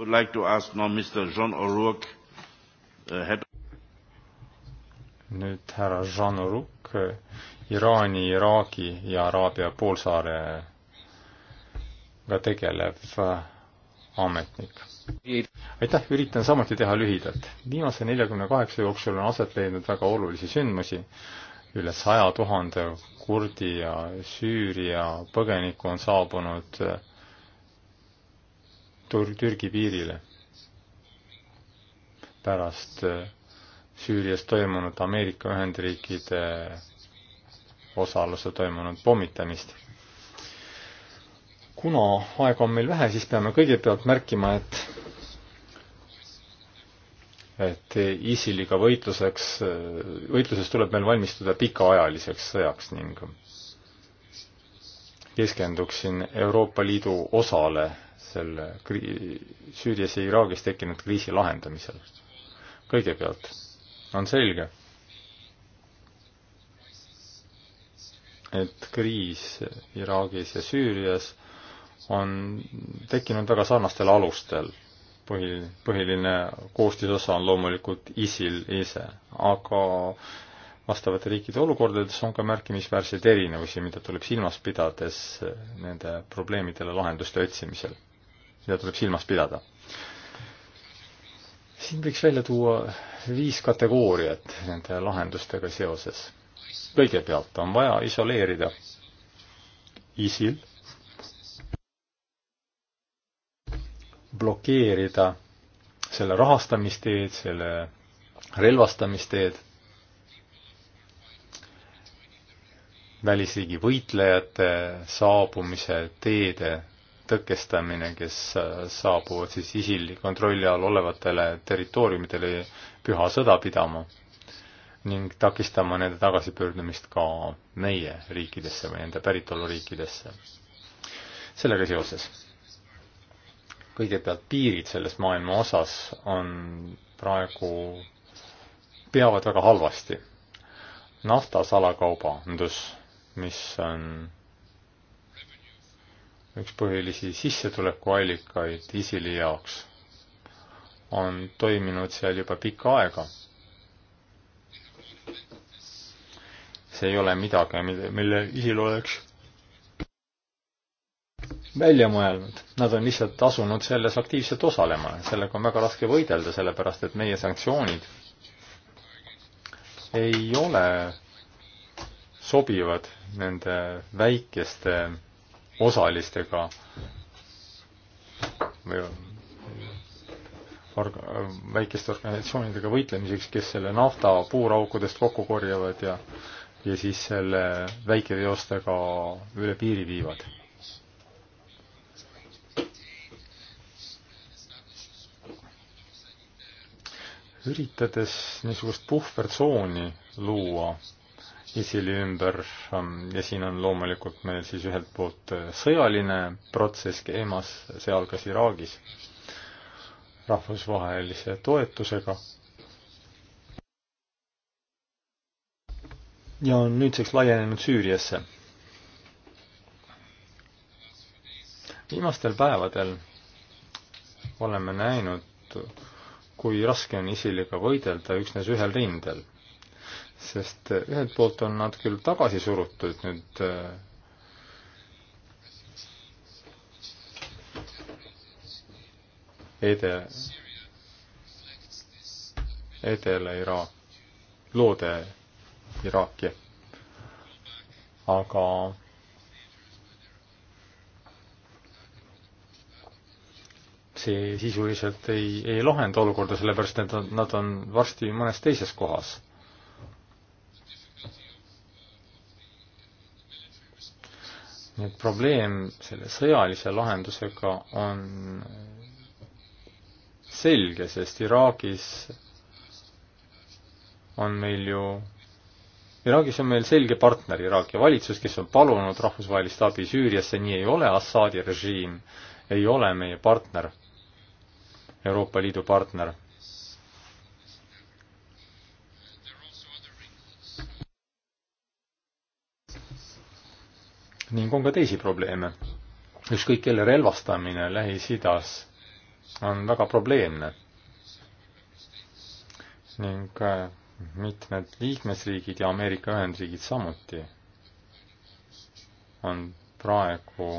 would like to ask now Mr John O'Rourke uh,, head nüüd härra Jean O'Rourke, uh, Iraani, Iraagi ja Araabia poolsaarega tegelev uh, ametnik. aitäh, üritan samuti teha lühidalt. viimase neljakümne kaheksa jooksul on aset leidnud väga olulisi sündmusi. üle saja tuhande kurdi ja Süüria põgeniku on saabunud uh, Tur-, Türgi piirile pärast äh, Süürias toimunud Ameerika Ühendriikide osaluse toimunud pommitamist. kuna aega on meil vähe, siis peame kõigepealt märkima, et et ISILiga võitluseks, äh, võitluses tuleb meil valmistuda pikaajaliseks sõjaks ning keskenduksin Euroopa Liidu osale selle kri-, Süürias ja Iraagis tekkinud kriisi lahendamisel. kõigepealt on selge, et kriis Iraagis ja Süürias on tekkinud väga sarnastel alustel. põhi, põhiline koostisosa on loomulikult ISIL ise, aga vastavate riikide olukordades on ka märkimisväärseid erinevusi, mida tuleb silmas pidades nende probleemidele lahenduste otsimisel mida tuleb silmas pidada. siin võiks välja tuua viis kategooriat nende lahendustega seoses. kõigepealt on vaja isoleerida ISIL, blokeerida selle rahastamisteed, selle relvastamisteed, välisriigi võitlejate saabumise teede tõkestamine, kes äh, saabuvad siis ISIL-i kontrolli all olevatele territooriumidele püha sõda pidama ning takistama nende tagasipöördumist ka meie riikidesse või nende päritoluriikidesse. sellega seoses. kõigepealt piirid selles maailma osas on praegu, peavad väga halvasti. nafta salakaubandus, mis on üks põhilisi sissetulekuallikaid ISILi jaoks, on toiminud seal juba pikka aega. see ei ole midagi, mille, mille ISIL oleks välja mõelnud, nad on lihtsalt asunud selles aktiivselt osalema, sellega on väga raske võidelda, sellepärast et meie sanktsioonid ei ole sobivad nende väikeste osalistega või orga-, väikeste organisatsioonidega võitlemiseks, kes selle nafta puuraukudest kokku korjavad ja ja siis selle väikeveostega üle piiri viivad. üritades niisugust puhvertsooni luua ISIL-i ümber ja siin on loomulikult meil siis ühelt poolt äh, sõjaline protsess käimas, sealhulgas Iraagis, rahvusvahelise toetusega. ja on nüüdseks laienenud Süüriasse. viimastel päevadel oleme näinud, kui raske on ISILiga võidelda üksnes ühel rindel sest eh, ühelt poolt on nad küll tagasi surutud nüüd eh, ede, Edela-Iraak, loode Iraaki. aga see sisuliselt ei, ei lahenda olukorda, sellepärast et nad on varsti mõnes teises kohas nüüd probleem selle sõjalise lahendusega on selge, sest Iraagis on meil ju, Iraagis on meil selge partner, Iraagi valitsus, kes on palunud rahvusvahelist abi, Süürias see nii ei ole, Assaadi režiim ei ole meie partner, Euroopa Liidu partner ning on ka teisi probleeme. ükskõik kelle relvastamine Lähis-Idas on väga probleemne ning äh, mitmed liikmesriigid ja Ameerika Ühendriigid samuti on praegu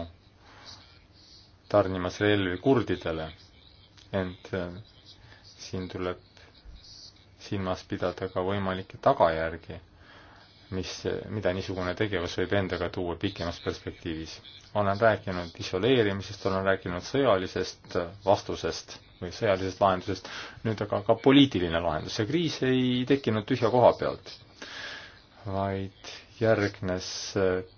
tarnimas relvi kurdidele, ent äh, siin tuleb silmas pidada ka võimalikke tagajärgi mis, mida niisugune tegevus võib endaga tuua pikemas perspektiivis. olen rääkinud isoleerimisest, olen rääkinud sõjalisest vastusest või sõjalisest lahendusest, nüüd aga ka poliitiline lahendus. see kriis ei tekkinud tühja koha pealt, vaid järgnes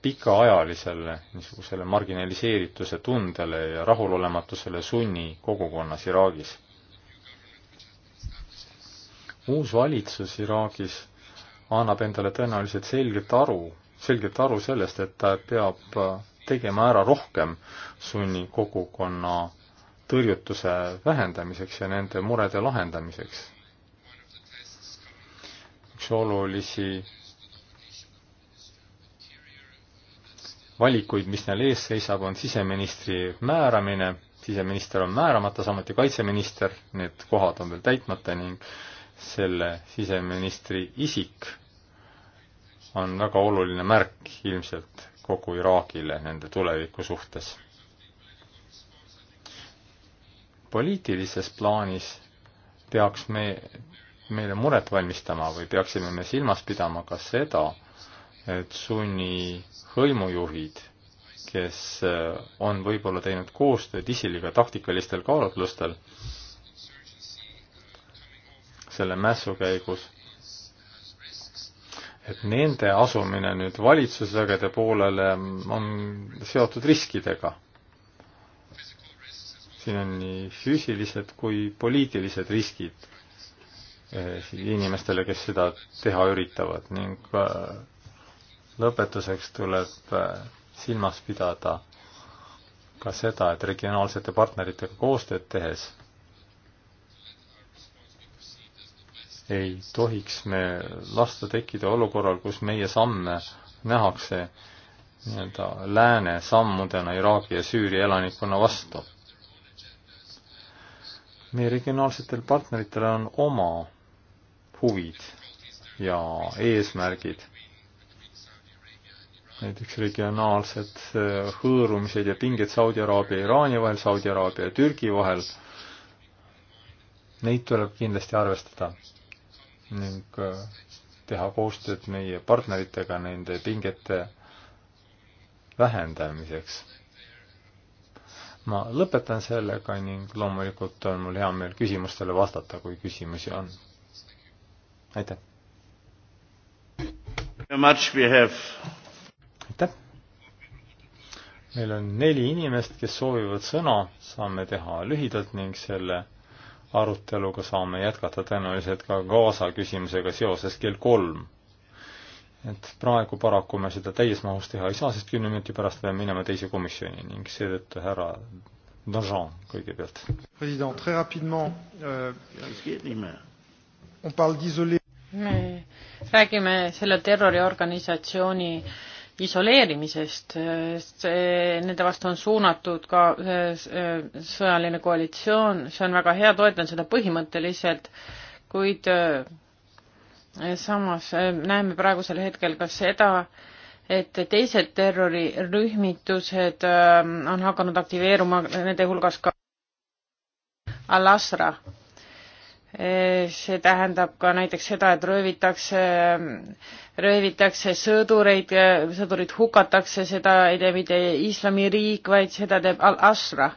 pikaajalisele niisugusele marginaliseerituse tundele ja rahulolematusele sunni kogukonnas Iraagis. uus valitsus Iraagis annab endale tõenäoliselt selgelt aru, selgelt aru sellest, et ta peab äh, tegema ära rohkem sunni kogukonna tõrjutuse vähendamiseks ja nende murede lahendamiseks. üks olulisi valikuid, mis neil ees seisab, on siseministri määramine, siseminister on määramata, samuti kaitseminister, need kohad on veel täitmata ning selle siseministri isik on väga oluline märk ilmselt kogu Iraagile nende tuleviku suhtes. poliitilises plaanis peaks me, meile muret valmistama või peaksime me silmas pidama ka seda, et sunni hõimujuhid, kes äh, on võib-olla teinud koostööd ISILiga taktikalistel kaalutlustel selle mässu käigus et nende asumine nüüd valitsusvägede poolele on seotud riskidega. siin on nii füüsilised kui poliitilised riskid eh, inimestele, kes seda teha üritavad ning eh, lõpetuseks tuleb eh, silmas pidada ka seda, et regionaalsete partneritega koostööd tehes ei tohiks me lasta tekkida olukorral, kus meie samme nähakse nii-öelda lääne sammudena Iraagi ja Süüria elanikkonna vastu. meie regionaalsetel partneritel on oma huvid ja eesmärgid. näiteks regionaalsed äh, hõõrumised ja pinged Saudi Araabia ja Iraani vahel, Saudi Araabia ja Türgi vahel. Neid tuleb kindlasti arvestada ning äh, teha koostööd meie partneritega nende pingete vähendamiseks. ma lõpetan sellega ning loomulikult on mul hea meel küsimustele vastata, kui küsimusi on. aitäh! aitäh! meil on neli inimest, kes soovivad sõna, saame teha lühidalt ning selle aruteluga saame jätkata tõenäoliselt ka Gaza küsimusega seoses kell kolm. et praegu paraku me seda täies mahus teha ei saa, sest kümne minuti pärast peame minema teise komisjoni ning seetõttu härra Danjean kõigepealt. president, très rapidement euh,. me räägime selle terroriorganisatsiooni äh, isoleerimisest, see, nende vastu on suunatud ka äh, sõjaline koalitsioon, see on väga hea, toetan seda põhimõtteliselt, kuid äh, samas äh, näeme praegusel hetkel ka seda, et teised terrorirühmitused on hakanud aktiveeruma, nende hulgas ka Al-Asra Eh, see tähendab ka näiteks seda, et röövitakse, röövitakse sõdureid, sõdurid hukatakse, seda ei tee mitte islamiriik, vaid seda teeb Al-Asra.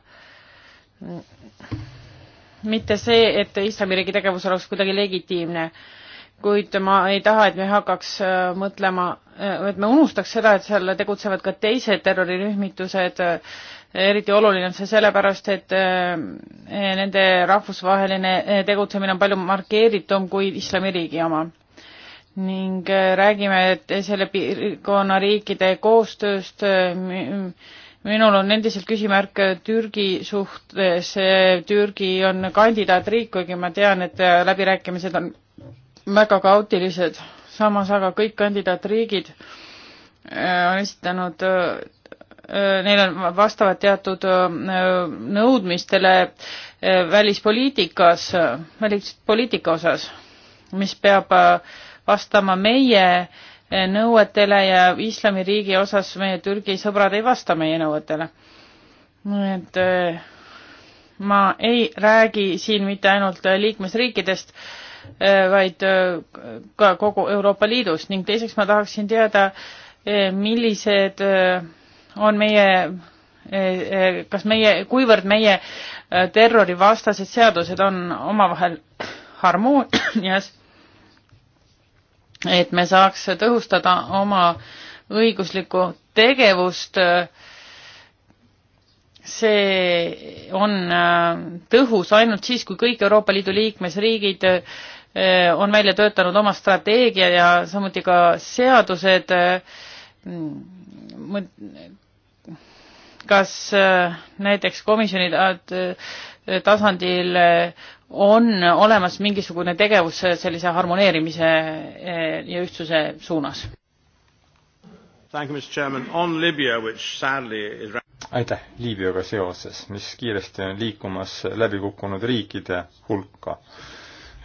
mitte see, et islamiriigi tegevus oleks kuidagi legitiimne, kuid ma ei taha, et me hakkaks äh, mõtlema, äh, et me unustaks seda, et seal tegutsevad ka teised terrorirühmitused, eriti oluline on see sellepärast, et äh, nende rahvusvaheline äh, tegutsemine on palju markeeritum kui islamiriigi oma. ning äh, räägime selle piirkonna riikide koostööst. minul on endiselt küsimärk Türgi suhtes. Türgi on kandidaatriik, kuigi ma tean, et läbirääkimised on väga kaootilised. samas aga kõik kandidaatriigid on esitanud Äh, neil on vastavad teatud äh, nõudmistele äh, välispoliitikas, välispoliitika osas, mis peab vastama meie nõuetele ja islamiriigi osas meie Türgi sõbrad ei vasta meie nõuetele. et ma ei räägi siin mitte ainult liikmesriikidest, vaid ka kogu Euroopa Liidust ning teiseks ma tahaksin teada, millised on meie eh, eh, kas meie, kuivõrd meie eh, terrorivastased seadused on omavahel harmoonias, et me saaks tõhustada oma õiguslikku tegevust. see on tõhus ainult siis, kui kõik Euroopa Liidu liikmesriigid on välja töötanud oma strateegia ja samuti ka seadused mm, kas äh, näiteks komisjoni äh, tasandil äh, on olemas mingisugune tegevus sellise harmoneerimise ja ühtsuse suunas? aitäh, Liibüaga seoses, mis kiiresti on liikumas läbikukkunud riikide hulka.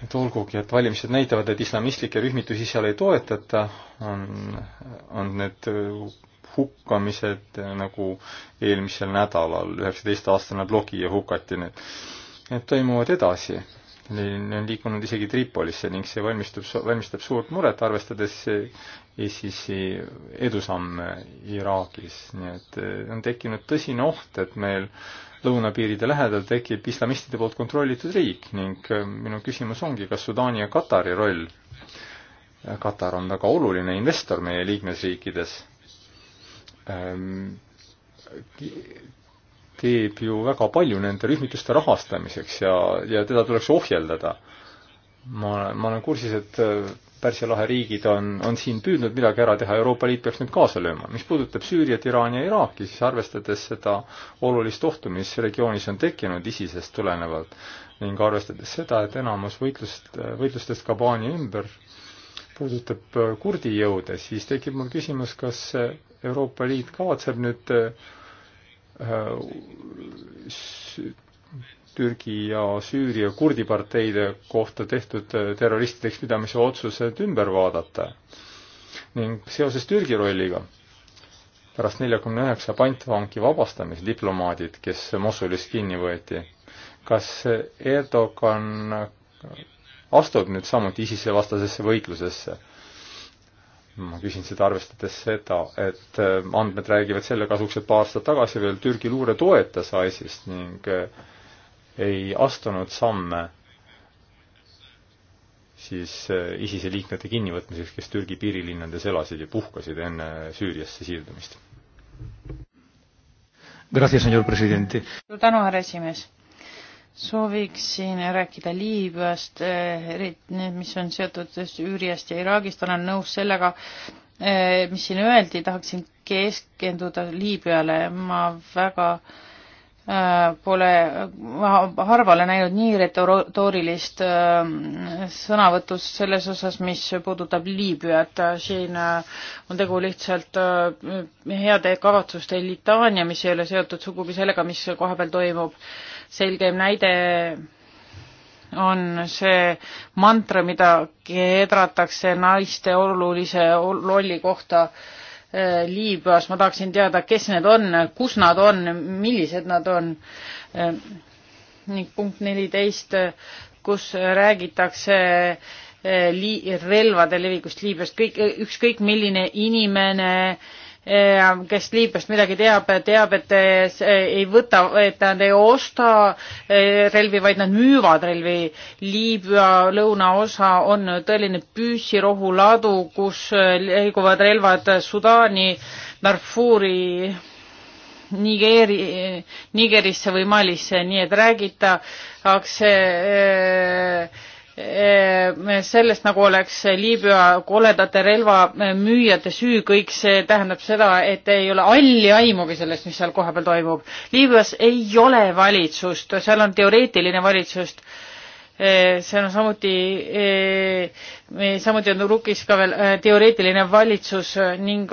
et olgugi, et valimised näitavad, et islamistlikke rühmitusi seal ei toetata, on, on need hukkamised, nagu eelmisel nädalal üheksateistaastane blogija hukati nüüd. Need toimuvad edasi. Neil on liikunud isegi Tripolisse ning see valmistub, valmistab suurt muret, arvestades ISISi edusamme Iraagis. nii et eh, on tekkinud tõsine oht, et meil lõunapiiride lähedal tekib islamistide poolt kontrollitud riik ning eh, minu küsimus ongi, kas Sudaani ja Katari roll Katar on väga oluline investor meie liikmesriikides ähm, teeb ju väga palju nende rühmituste rahastamiseks ja, ja teda tuleks ohjeldada. ma, ma olen kursis, et äh, Pärsia lahe riigid on, on siin püüdnud midagi ära teha, Euroopa Liit peaks nüüd kaasa lööma. mis puudutab Süüriat, Iraani ja Iraaki, siis arvestades seda olulist ohtu, mis regioonis on tekkinud ISISest tulenevalt ning arvestades seda, et enamus võitlust, võitlustest Kabaani ümber puudutab äh, kurdi jõude, siis tekib mul küsimus, kas Euroopa Liit kavatseb nüüd äh, Türgi ja Süüria kurdi parteide kohta tehtud äh, terroristideks pidamise otsused ümber vaadata ning seoses Türgi rolliga pärast neljakümne üheksa pantvangi vabastamist diplomaadid, kes Mosulis kinni võeti, kas Erdogan astub nüüd samuti ISISe vastasesse võitlusesse ma küsin seda arvestades seda, et äh, andmed räägivad selle kasuks, et paar aastat tagasi veel Türgi luure toetas ISIS-t ning äh, ei astunud samme siis äh, ISISe liikmete kinnivõtmiseks, kes Türgi piirilinnades elasid ja puhkasid enne Süüriasse siirdumist. suur tänu, härra esimees sooviksin rääkida Liibüast, eh, need, mis on seotud Süüriast ja Iraagist, olen nõus sellega, eh, mis siin öeldi, tahaksin keskenduda Liibüale, ma väga äh, Äh, pole harvale näinud nii retoorilist äh, sõnavõtust selles osas, mis puudutab Liibüat. siin äh, on tegu lihtsalt heade kavatsuste litaania, mis ei ole seotud sugugi sellega, mis kohapeal toimub. selgeim näide on see mantra, mida keedratakse naiste olulise rolli kohta äh, Äh, Liibüas, ma tahaksin teada, kes need on, kus nad on, millised nad on. Äh, ning punkt neliteist, kus räägitakse äh, lii-, relvade levikust Liibüast, kõik, ükskõik milline inimene äh, kes Liibüast midagi teab, teab, et eh, ei võta, et nad ei osta eh, relvi, vaid nad müüvad relvi. Liibüa lõunaosa on tõeline püssirohuladu, kus eh, liiguvad relvad Sudaani, Darfuri, Nigeri, Nigerisse või Malisse, nii et räägitakse äh, Eh, sellest, nagu oleks Liibüa koledate relvamüüjate süü, kõik see tähendab seda, et ei ole halli aimugi sellest, mis seal kohapeal toimub. Liibüas ei ole valitsust, seal on teoreetiline valitsust. Eh, seal on samuti, eh, samuti on Rukis ka veel teoreetiline valitsus ning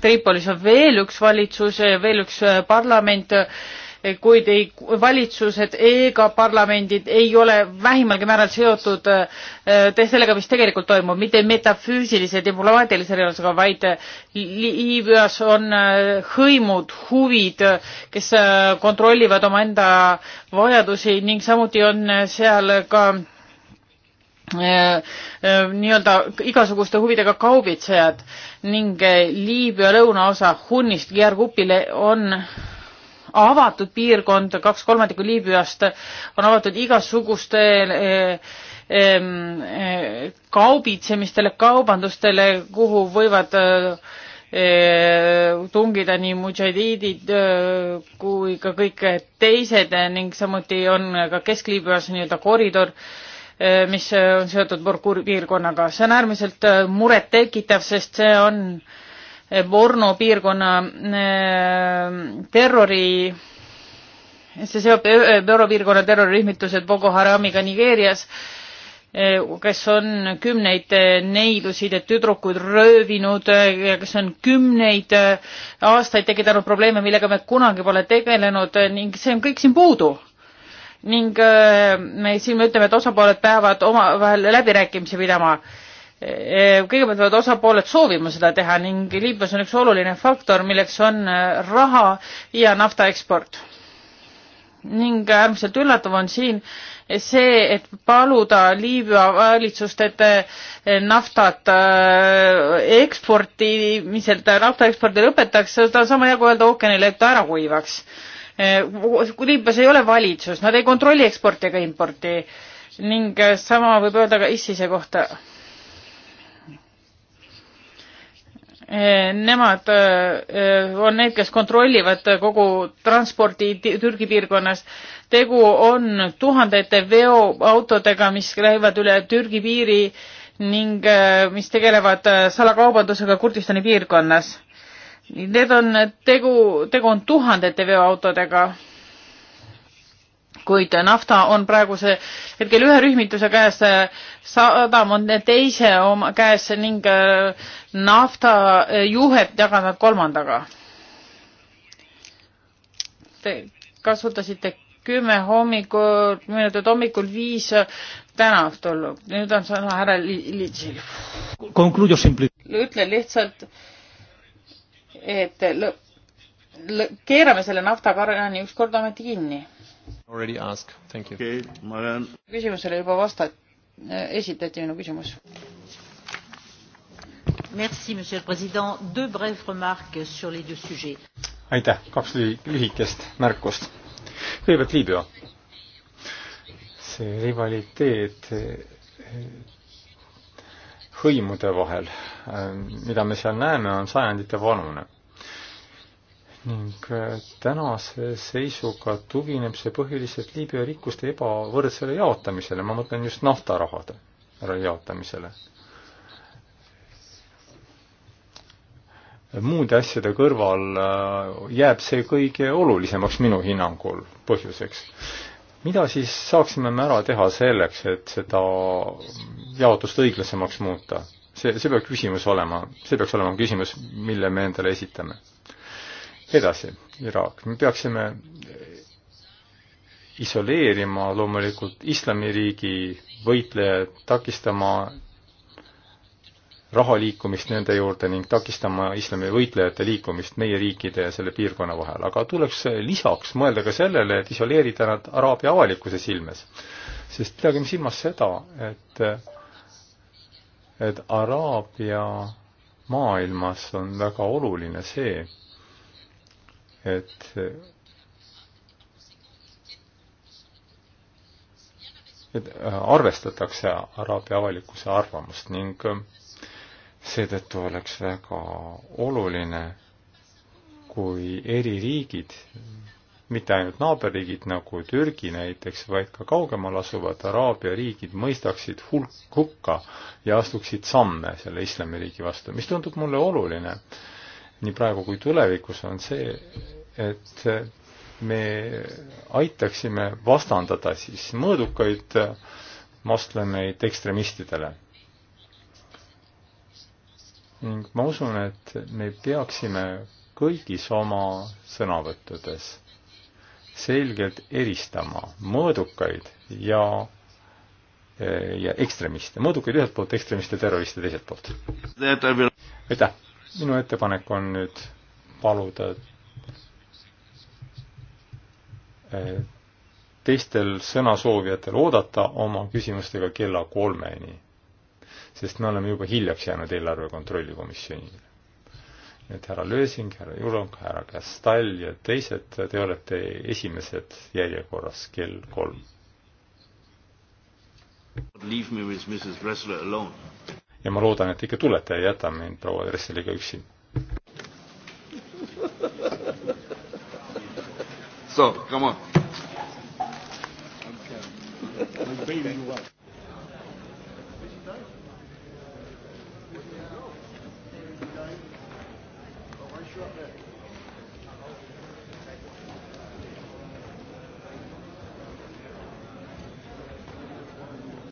Tripolis on veel üks valitsus, veel üks parlament Eh, kuid ei, valitsused ega parlamendid ei ole vähimalgi määral seotud eh, sellega, mis tegelikult toimub, mitte metafüüsilise diplomaatilise reaalsusega, vaid Liibüas on eh, hõimud, huvid, kes kontrollivad omaenda vajadusi ning samuti on seal ka nii-öelda igasuguste huvidega kaubitsejad ning Liibüa lõunaosa Hunnist Gergupile on avatud piirkond, kaks kolmandikku Liibüast on avatud igasugustele eh, eh, kaubitsemistele, kaubandustele, kuhu võivad eh, tungida nii mudžahiidid kui ka kõik teised ning samuti on ka Kesk-Liibüas nii-öelda koridor, mis on seotud Borkuri piirkonnaga. see on äärmiselt murettekitav, sest see on äh, Borno piirkonna äh, terrori, see seob äh, äh, Borno piirkonna terrorirühmitused Boko Haramiga Nigeerias, kes on kümneid neilusid ja tüdrukuid röövinud ja kes on kümneid aastaid tekitanud probleeme, millega me kunagi pole tegelenud ning see on kõik siin puudu ning me siin me ütleme, et osapooled peavad omavahel läbirääkimisi pidama. Eh, kõigepealt peavad osapooled soovima seda teha ning Liibüas on üks oluline faktor, milleks on eh, raha ja nafta eksport. ning äärmiselt üllatav on siin see, et paluda Liibüa valitsust, et eh, naftat eksportimiselt, nafta ekspordi lõpetaks, seda on sama hea kui öelda ookeanile, et ta ära kuivaks. Liibüas ei ole valitsus, nad ei kontrolli eksporti ega importi ning sama võib öelda ka ISISe kohta Eh, nemad eh, on need, kes kontrollivad kogu transporti Türgi piirkonnas. tegu on tuhandete veoautodega, mis käivad üle Türgi piiri ning eh, mis tegelevad salakaubandusega Kurdistani piirkonnas. Need on tegu, tegu on tuhandete veoautodega kuid nafta on praeguse hetkel ühe rühmituse käes, sadam on teise oma käes ning äh, nafta äh, juhet jagavad kolmandaga. Te kasutasite kümme hommikul, möödunud hommikul viis äh, täna õhtul. nüüd on sõna härra Litsil. ütlen lihtsalt, et lõ, lõ, keerame selle naftakarjani ükskord ometi kinni. Already ask, thank you okay,. Olen... küsimusele juba vasta-, äh, esitati minu küsimus. Merci, monsieur le president, deux brèves remarques sur les deux sujets. aitäh, kaks lühikest märkust. kõigepealt Liibüa. see rivaliteet äh, hõimude vahel, äh, mida me seal näeme, on sajandite vanune ning äh, tänase seisuga tugineb see põhiliselt Liibüa rikkuste ebavõrdsele jaotamisele, ma mõtlen just naftarahade jaotamisele. muude asjade kõrval äh, jääb see kõige olulisemaks minu hinnangul põhjuseks. mida siis saaksime me ära teha selleks, et seda jaotust õiglasemaks muuta? see, see peab küsimus olema, see peaks olema küsimus, mille me endale esitame edasi, Iraak, me peaksime isoleerima loomulikult islamiriigi võitlejad, takistama raha liikumist nende juurde ning takistama islami võitlejate liikumist meie riikide ja selle piirkonna vahel, aga tuleks lisaks mõelda ka sellele, et isoleerida nad araabia avalikkuse silmes. sest pidagem silmas seda, et, et araabia maailmas on väga oluline see, et et arvestatakse araabia avalikkuse arvamust ning seetõttu oleks väga oluline, kui eri riigid, mitte ainult naaberriigid nagu Türgi näiteks, vaid ka kaugemal asuvad Araabia riigid mõistaksid hulk hukka ja astuksid samme selle islamiriigi vastu, mis tundub mulle oluline äh, nii praegu kui tulevikus, on see, et me aitaksime vastandada siis mõõdukaid moslemeid ekstremistidele. ning ma usun, et me peaksime kõigis oma sõnavõttudes selgelt eristama mõõdukaid ja ja ekstremiste, mõõdukaid ühelt poolt, ekstremiste, terroriste teiselt poolt. aitäh! minu ettepanek on nüüd paluda teistel sõnasoovijatel oodata oma küsimustega kella kolmeni, sest me oleme juba hiljaks jäänud eelarve kontrolli komisjonile. et härra Lösing, härra Jurong, härra Kastal ja teised, te olete esimesed järjekorras kell kolm. Leave me with Mrs Ressler alone ja ma loodan, et ikka tulete ja ei jäta mind proua Dresseliga üksi. So, come on. Okay. I'm bailing you out. Thank you.